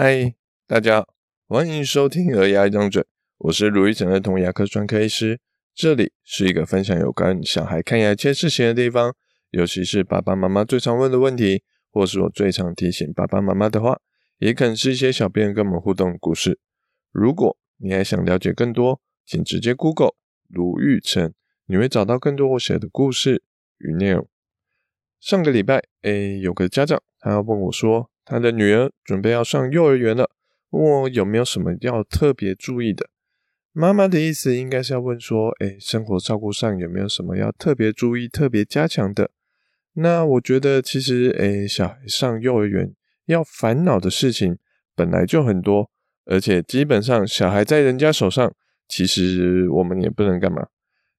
嗨，大家好，歡迎收聽《兒牙一張嘴》，我是盧玉成兒童牙科專科醫師，這裡是一個分享有關小孩看牙一切事情的地方，尤其是爸爸媽媽最常問的問題，或是我最常提醒爸爸媽媽的話，也可能是一些小朋友跟我們互動的故事。如果你還想了解更多，請直接 Google 盧玉成，你會找到更多我寫的故事與內容。上個禮拜誒，A, 有個家長他要問我說，他的女兒準備要上幼兒園了，問我有沒有什麼要特別注意的。媽媽的意思應該是要問說，誒、哎，生活照顧上有沒有什麼要特別注意、特別加強的？那我覺得其實，誒、哎，小孩上幼兒園要煩惱的事情本來就很多，而且基本上小孩在人家手上，其實我們也不能幹嘛。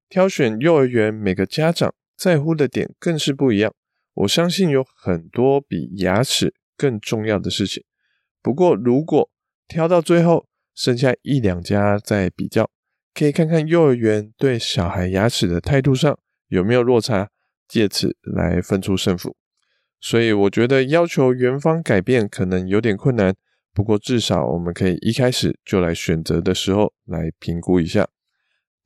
挑選幼兒園，每個家長在乎的點更是不一樣。我相信有很多比牙齒。更重要的事情。不過，如果挑到最後，剩下一兩家在比較，可以看看幼兒園對小孩牙齒的態度上有沒有落差，借此來分出勝負。所以，我覺得要求園方改變可能有點困難。不過，至少我們可以一開始就來選擇的時候來評估一下。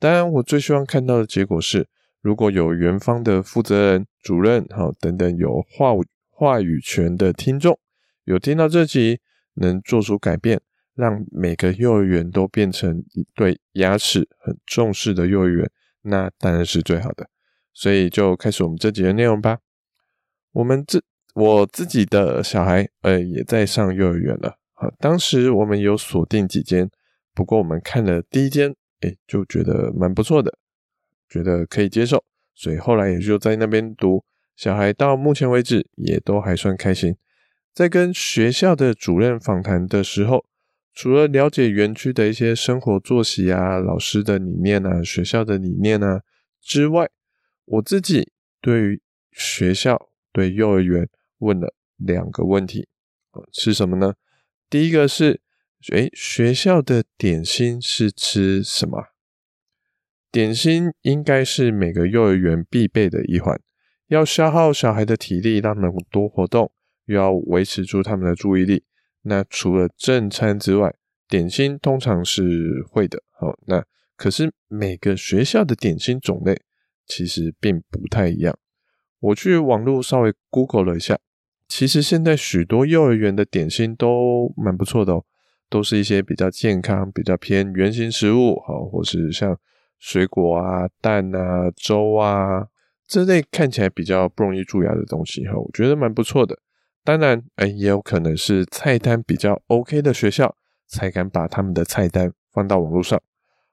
當然，我最希望看到的結果是，如果有園方的負責人、主任好等等有話話語權的聽眾。有聽到這集，能做出改變，讓每個幼兒園都變成一對牙齒很重視的幼兒園，那當然是最好的。所以就開始我們這集的內容吧。我們自我自己的小孩，呃，也在上幼兒園了。好，當時我們有鎖定幾間，不過我們看了第一間，誒、欸，就覺得蠻不錯的，覺得可以接受，所以後來也就在那邊讀。小孩到目前為止也都還算開心。在跟學校的主任訪談的時候，除了了解園區的一些生活作息啊、老師的理念啊、學校的理念啊之外，我自己對學校、對幼兒園問了兩個問題，是什麼呢？第一個是，哎、欸，學校的點心是吃什麼？點心應該是每個幼兒園必備的一環，要消耗小孩的體力，讓他們多活動。又要維持住他們的注意力，那除了正餐之外，點心通常是會的。好、哦，那可是每個學校的點心種類其實並不太一樣。我去網絡稍微 Google 了一下，其實現在許多幼兒園的點心都蠻不錯的哦，都是一些比較健康、比較偏原型食物，好、哦，或是像水果啊、蛋啊、粥啊這類看起來比較不容易蛀牙、啊、的東西。哈、哦，我覺得蠻不錯的。當然，欸，也有可能是菜單比較 OK 的學校，才敢把他們的菜單放到網絡上。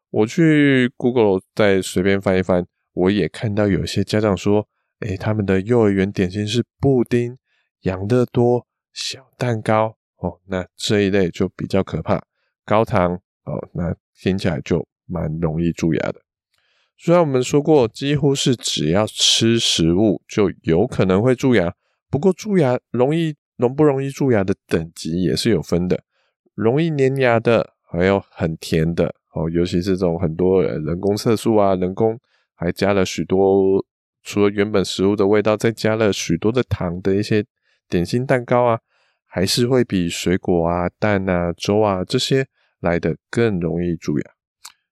我去 Google 再隨便翻一翻，我也看到有些家長說，欸，他們的幼兒園點心是布丁、養樂多、小蛋糕哦，那這一類就比較可怕，高糖哦，那聽起來就蠻容易蛀牙的。雖然我們說過，幾乎是只要吃食物就有可能會蛀牙。不過蛀牙容易，容易，容易不容易蛀牙的等級也是有分的，容易粘牙的，還有很甜的哦，尤其這種很多人工色素啊，人工還加了許多除了原本食物的味道，再加了許多的糖的一些點心、蛋糕啊，還是會比水果啊、蛋啊、粥啊這些來的更容易蛀牙。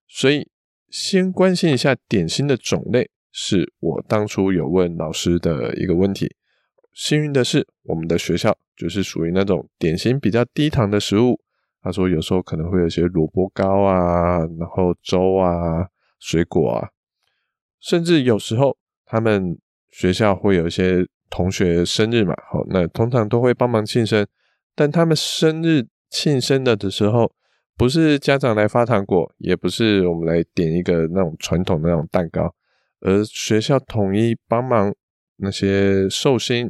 所以先關心一下點心的種類，是我當初有問老師的一個問題。幸運的是，我們的學校就是屬於那種點心比較低糖的食物。他說，有時候可能會有些蘿蔔糕啊，然後粥啊，水果啊，甚至有時候他們學校會有一些同學生日嘛，好，那通常都會幫忙慶生。但他們生日慶生的的時候，不是家長來發糖果，也不是我們來點一個那種傳統的那種蛋糕，而學校統一幫忙那些壽星。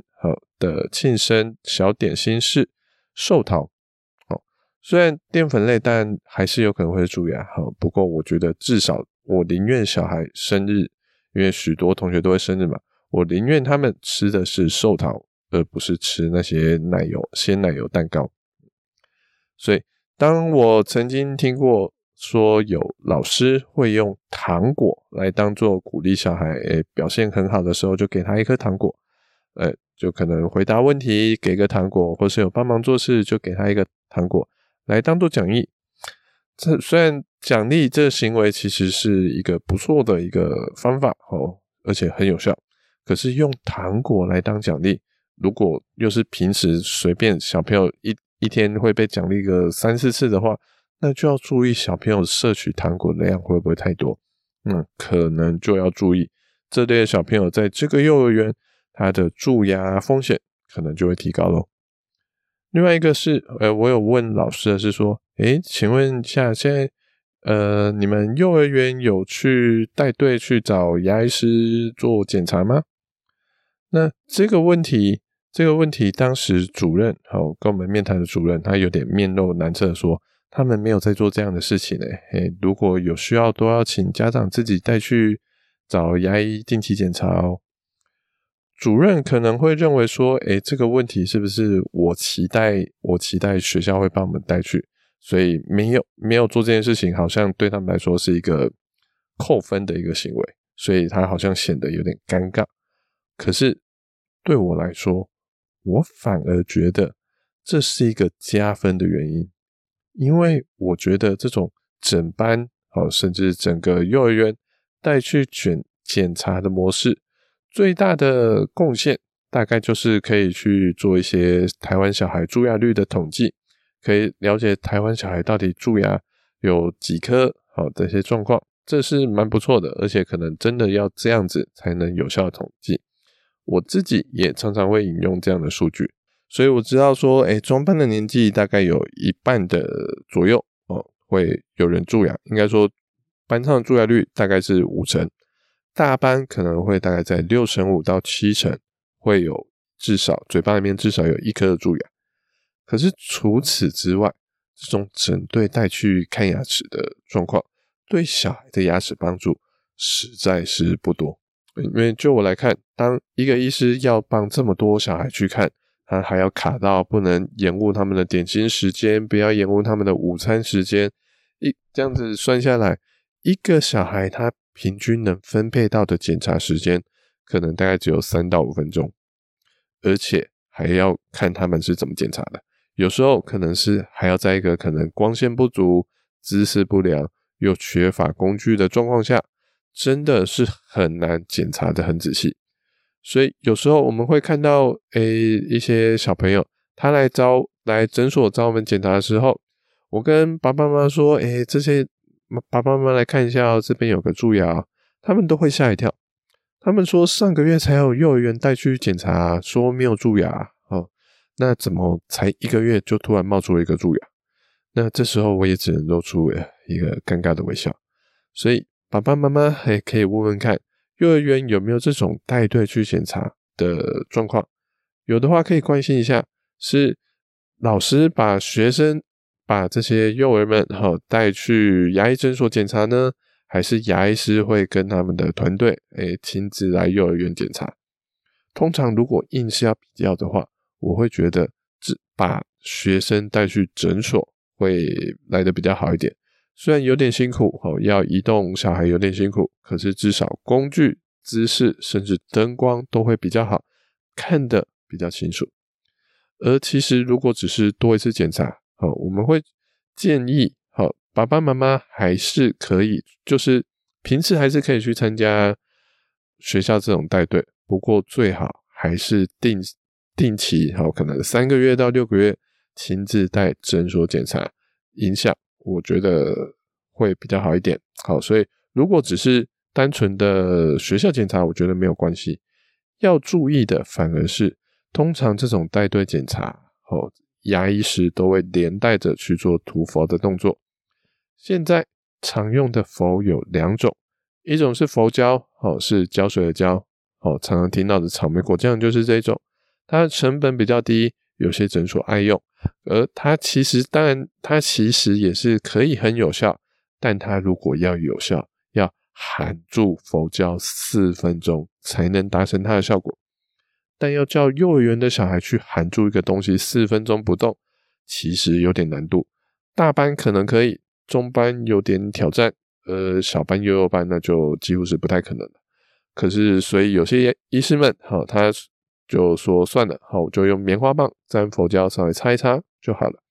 的慶生小點心是壽桃哦，雖然澱粉類，但還是有可能會蛀牙哈。不過我覺得至少我寧願小孩生日，因為許多同學都會生日嘛，我寧願他們吃的是壽桃，而不是吃那些奶油、鮮奶油蛋糕。所以，當我曾經聽過說有老師會用糖果來當做鼓勵小孩、欸、表現很好的時候，就給他一顆糖果，呃就可能回答問題，給個糖果，或是有幫忙做事，就給他一個糖果來當做獎勵。這雖然獎勵這行為其實是一個不錯的一個方法哦，而且很有效。可是用糖果來當獎勵，如果又是平時隨便小朋友一一天會被獎勵個三四次的話，那就要注意小朋友攝取糖果的量會不會太多。嗯，可能就要注意。這對小朋友在這個幼兒園。它的蛀牙風險可能就會提高嘍。另外一個是，呃，我有問老師的是說，哎，請問一下，現在，呃，你們幼兒園有去帶隊去找牙醫師做檢查嗎？那這個問題，這個問題，當時主任，好、哦，跟我們面談的主任，他有點面露難色說，說他們沒有在做這樣的事情呢。哎，如果有需要，都要請家長自己帶去找牙醫定期檢查哦。主任可能會認為說，誒，這個問題是不是我期待我期待學校會幫我們帶去，所以沒有沒有做這件事情，好像對他們來說是一個扣分的一個行為，所以他好像顯得有點尷尬。可是對我來說，我反而覺得這是一個加分的原因，因為我覺得這種整班哦，甚至整個幼兒園帶去檢檢查的模式。最大的貢獻大概就是可以去做一些台灣小孩蛀牙率的統計，可以了解台灣小孩到底蛀牙有幾顆，好的一些狀況，這是蠻不錯的，而且可能真的要這樣子才能有效的統計。我自己也常常會引用這樣的數據，所以我知道說，哎、欸，中班的年紀大概有一半的左右哦，會有人蛀牙，應該說班上蛀牙率大概是五成。大班可能會大概在六成五到七成，會有至少嘴巴裡面至少有一顆蛀牙。可是除此之外，這種整隊帶去看牙齒的狀況，對小孩的牙齒幫助實在是不多。因為就我來看，當一個醫師要幫這麼多小孩去看，他還要卡到不能延誤他們的點心時間，不要延誤他們的午餐時間。一這樣子算下來，一個小孩他。平均能分配到的檢查時間，可能大概只有三到五分鐘，而且還要看他們是怎麼檢查的。有時候可能是還要在一個可能光線不足、姿勢不良又缺乏工具的狀況下，真的是很難檢查得很仔細。所以有時候我們會看到，誒、欸、一些小朋友他來招來診所找我們檢查的時候，我跟爸爸媽媽說，誒、欸，這些。爸爸媽媽來看一下，哦，這邊有個蛀牙哦，他們都會嚇一跳。他們說上個月才有幼兒園帶去檢查啊，說沒有蛀牙啊，哦，那怎麼才一個月就突然冒出一個蛀牙？那這時候我也只能露出一個尷尬的微笑。所以爸爸媽媽還可以問問看，幼兒園有沒有這種帶隊去檢查的狀況？有的話可以關心一下，是老師把學生。把這些幼兒們哦帶去牙醫診所檢查呢，還是牙醫師會跟他們的團隊誒親自來幼兒園檢查？通常如果硬是要比較的話，我會覺得只把學生帶去診所會來得比較好一點。雖然有點辛苦哦，要移動小孩有點辛苦，可是至少工具、姿勢甚至燈光都會比較好，看得比較清楚。而其實如果只是多一次檢查，好，我們會建議，好，爸爸媽媽還是可以，就是平時還是可以去參加學校這種帶隊，不過最好還是定定期，好，可能三個月到六個月親自帶診所檢查，影響我覺得會比較好一點。好，所以如果只是單純的學校檢查，我覺得沒有關係。要注意的反而是，通常這種帶隊檢查，好牙醫時都會連帶着去做塗氟的動作。現在常用的氟有兩種，一種是氟膠，哦，是膠水的膠，哦，常常聽到的草莓果醬就是這種，它的成本比較低，有些診所愛用。而它其實，當然它其實也是可以很有效，但它如果要有效，要含住氟膠四分鐘才能達成它的效果。但要叫幼兒園的小孩去含住一個東西四分鐘不動，其實有點難度。大班可能可以，中班有點挑戰，呃，小班、幼幼班那就幾乎是不太可能了。可是，所以有些醫師們，好、哦，他就說算了，好，我就用棉花棒沾氟膠，上來擦一擦就好了。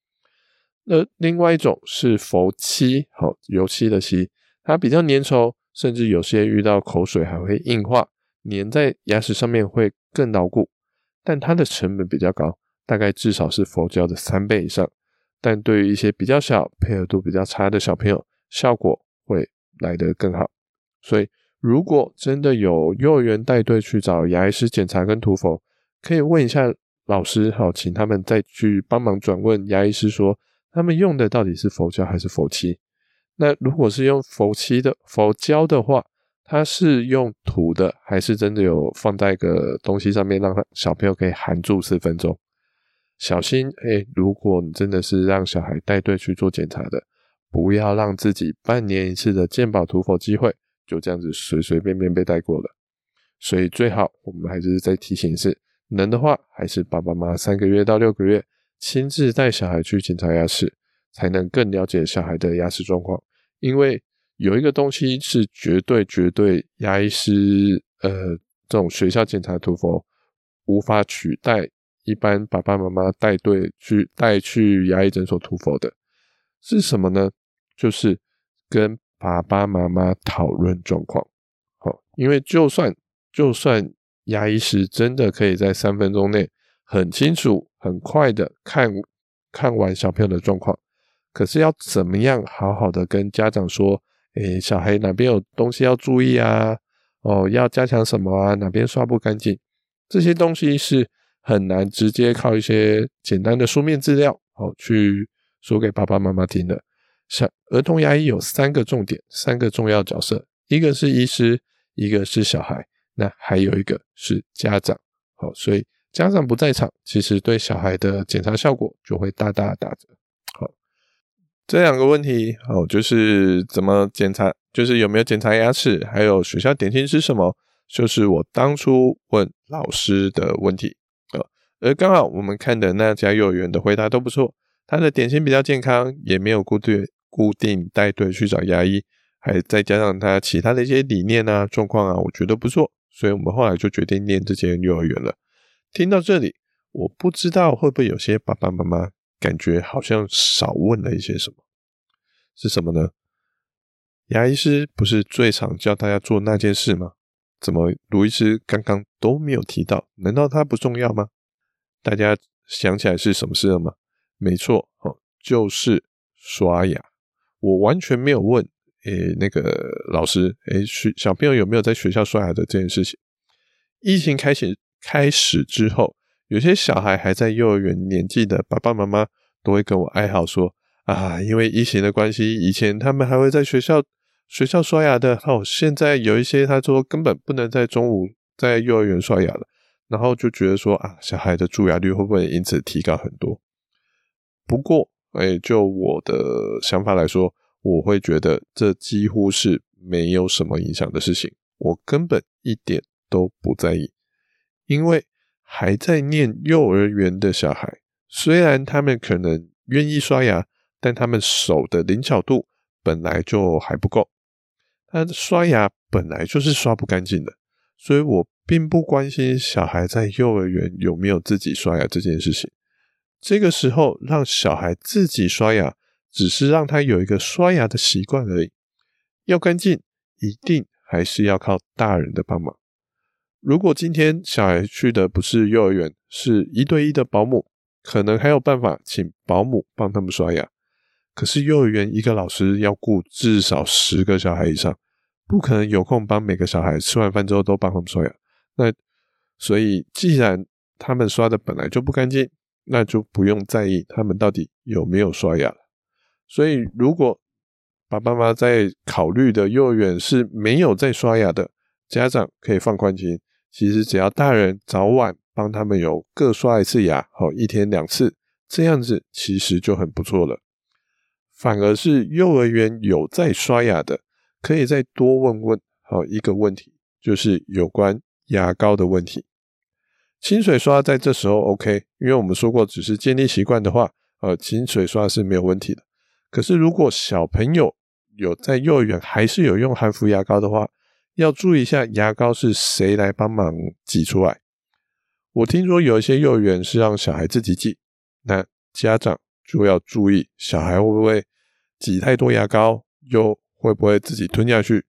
那另外一種是氟漆，好、哦，油漆的漆，它比較粘稠，甚至有些遇到口水還會硬化，粘在牙齒上面會。更牢固，但它的成本比較高，大概至少是氟膠的三倍以上。但對於一些比較小、配合度比較差的小朋友，效果會來得更好。所以，如果真的有幼兒園帶隊去找牙醫師檢查跟塗氟，可以問一下老師，好，請他們再去幫忙轉問牙醫師說，他們用的到底是氟膠還是氟漆？那如果是用氟漆的、氟膠的話，它是用塗的，還是真的有放在一個東西上面，讓他小朋友可以含住四分鐘？小心，誒。如果你真的是讓小孩帶隊去做檢查的，不要讓自己半年一次的健保塗氟機會就這樣子隨隨便便便被帶過了。所以最好我們還是再提醒一次，能的話還是爸爸媽媽三個月到六個月親自帶小孩去檢查牙齒，才能更了解小孩的牙齒狀況，因為。有一個東西是絕對絕對牙醫師呃，這種學校檢查的塗氟無法取代，一般爸爸媽媽帶隊去帶去牙醫診所塗氟的，是什麼呢？就是跟爸爸媽媽討論狀況。好、哦，因為就算就算牙醫師真的可以在三分鐘內很清楚、很快的看看完小朋友的狀況，可是要怎麼樣好好的跟家長說？誒，小孩哪邊有東西要注意啊？哦，要加強什麼啊？哪邊刷不乾淨？這些東西是很難直接靠一些簡單的書面資料，哦，去說給爸爸媽媽聽的。像兒童牙醫有三個重點，三個重要角色，一個是醫師，一個是小孩，那還有一個是家長。哦，所以家長不在場，其實對小孩的檢查效果就會大大打折。這兩個問題哦，就是怎麼檢查，就是有沒有檢查牙齒，還有學校點心吃什麼，就是我當初問老師的問題啊。哦，而剛好我們看的那家幼兒園的回答都不錯，他的點心比較健康，也沒有固定固定帶隊去找牙醫，還再加上他其他的一些理念啊、狀況啊，我覺得不錯，所以我們後來就決定念這間幼兒園了。聽到這裡，我不知道會不會有些爸爸媽媽，感覺好像少問了一些什麼，是什麼呢？牙醫師不是最常教大家做那件事嗎？怎麼盧醫師剛剛都沒有提到？難道它不重要嗎？大家想起來是什麼事了嗎？沒錯，哦，就是刷牙。我完全沒有問，誒，那個老師，誒，學小朋友有沒有在學校刷牙的這件事情？疫情開始開始之後。有些小孩還在幼兒園年紀的爸爸媽媽都會跟我哀嚎說：“啊，因為疫情的關係，以前他們還會在學校學校刷牙的，好、哦，現在有一些他說根本不能在中午在幼兒園刷牙了，然後就覺得說啊，小孩的蛀牙率會不會因此提高很多？不過，哎，就我的想法來說，我會覺得這幾乎是沒有什麼影響的事情，我根本一點都不在意，因為。”還在念幼兒園的小孩，雖然他們可能願意刷牙，但他們手的靈巧度本來就還不夠，他刷牙本來就是刷不乾淨的，所以我並不關心小孩在幼兒園有沒有自己刷牙這件事情。這個時候讓小孩自己刷牙，只是讓他有一個刷牙的習慣而已。要乾淨，一定還是要靠大人的幫忙。如果今天小孩去的不是幼兒園，是一對一的保姆，可能還有辦法請保姆幫他們刷牙。可是幼兒園一個老師要顧至少十個小孩以上，不可能有空幫每個小孩吃完飯之後都幫他們刷牙。那所以，既然他們刷的本來就不乾淨，那就不用在意他們到底有沒有刷牙了。所以，如果爸爸媽媽在考慮的幼兒園是沒有在刷牙的，家長可以放寬心。其實只要大人早晚幫他們有各刷一次牙，好，一天兩次，這樣子其實就很不錯了。反而是幼兒園有在刷牙的，可以再多問問，好，一個問題，就是有關牙膏的問題，清水刷在這時候 OK，因為我們說過只是建立習慣的話，呃，清水刷是沒有問題的。可是如果小朋友有在幼兒園還是有用含氟牙膏的話，要注意一下牙膏是誰來幫忙擠出來。我聽說有一些幼兒園是讓小孩自己擠，那家長就要注意小孩會不會擠太多牙膏，又會不會自己吞下去。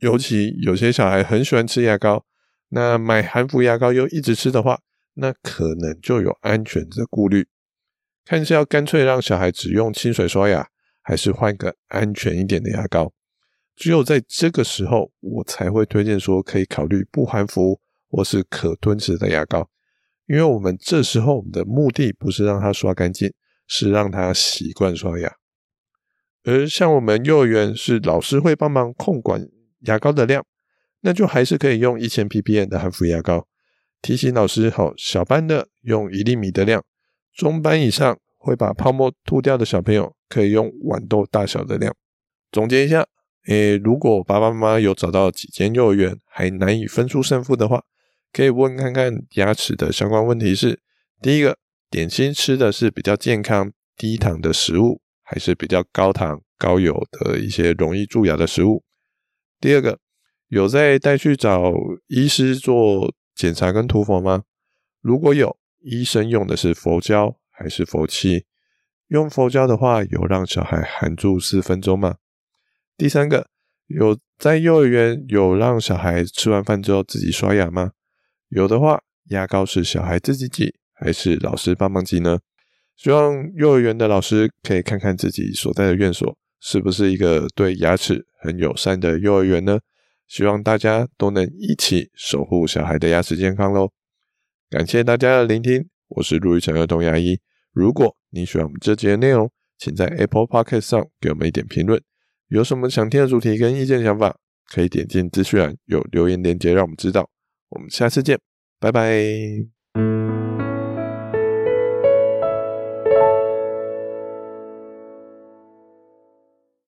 尤其有些小孩很喜歡吃牙膏，那買含氟牙膏又一直吃的話，那可能就有安全的顧慮。看是要乾脆讓小孩只用清水刷牙，還是換個安全一點的牙膏。只有在這個時候，我才會推薦說，可以考慮不含氟或是可吞食的牙膏，因為我們這時候我們的目的不是讓他刷乾淨，是讓他習慣刷牙。而像我們幼兒園是老師會幫忙控管牙膏的量，那就還是可以用一千 ppm 的含氟牙膏。提醒老師，好，小班的用一粒米的量，中班以上會把泡沫吐掉的小朋友可以用豌豆大小的量。總結一下。誒，如果爸爸媽媽有找到幾間幼兒園還難以分出勝負的話，可以問看看牙齒的相關問題是：第一個，點心吃的是比較健康低糖的食物，還是比較高糖高油的一些容易蛀牙的食物？第二個，有在帶去找醫師做檢查跟塗氟嗎？如果有，醫生用的是氟膠還是氟漆？用氟膠的話，有讓小孩含住四分鐘嗎？第三個，有在幼兒園有讓小孩吃完飯之後自己刷牙嗎？有的話，牙膏是小孩自己擠還是老師幫忙擠呢？希望幼兒園的老師可以看看自己所在的院所是不是一個對牙齒很友善的幼兒園呢？希望大家都能一起守護小孩的牙齒健康咯。感謝大家的聆聽，我是陸昱丞兒童牙醫。如果你喜歡我們這集的內容，請在 Apple Podcast 上給我們一點評論。有什麼想聽的主題跟意見想法，可以點進資訊欄有留言鏈接讓我們知道。我們下次見，拜拜。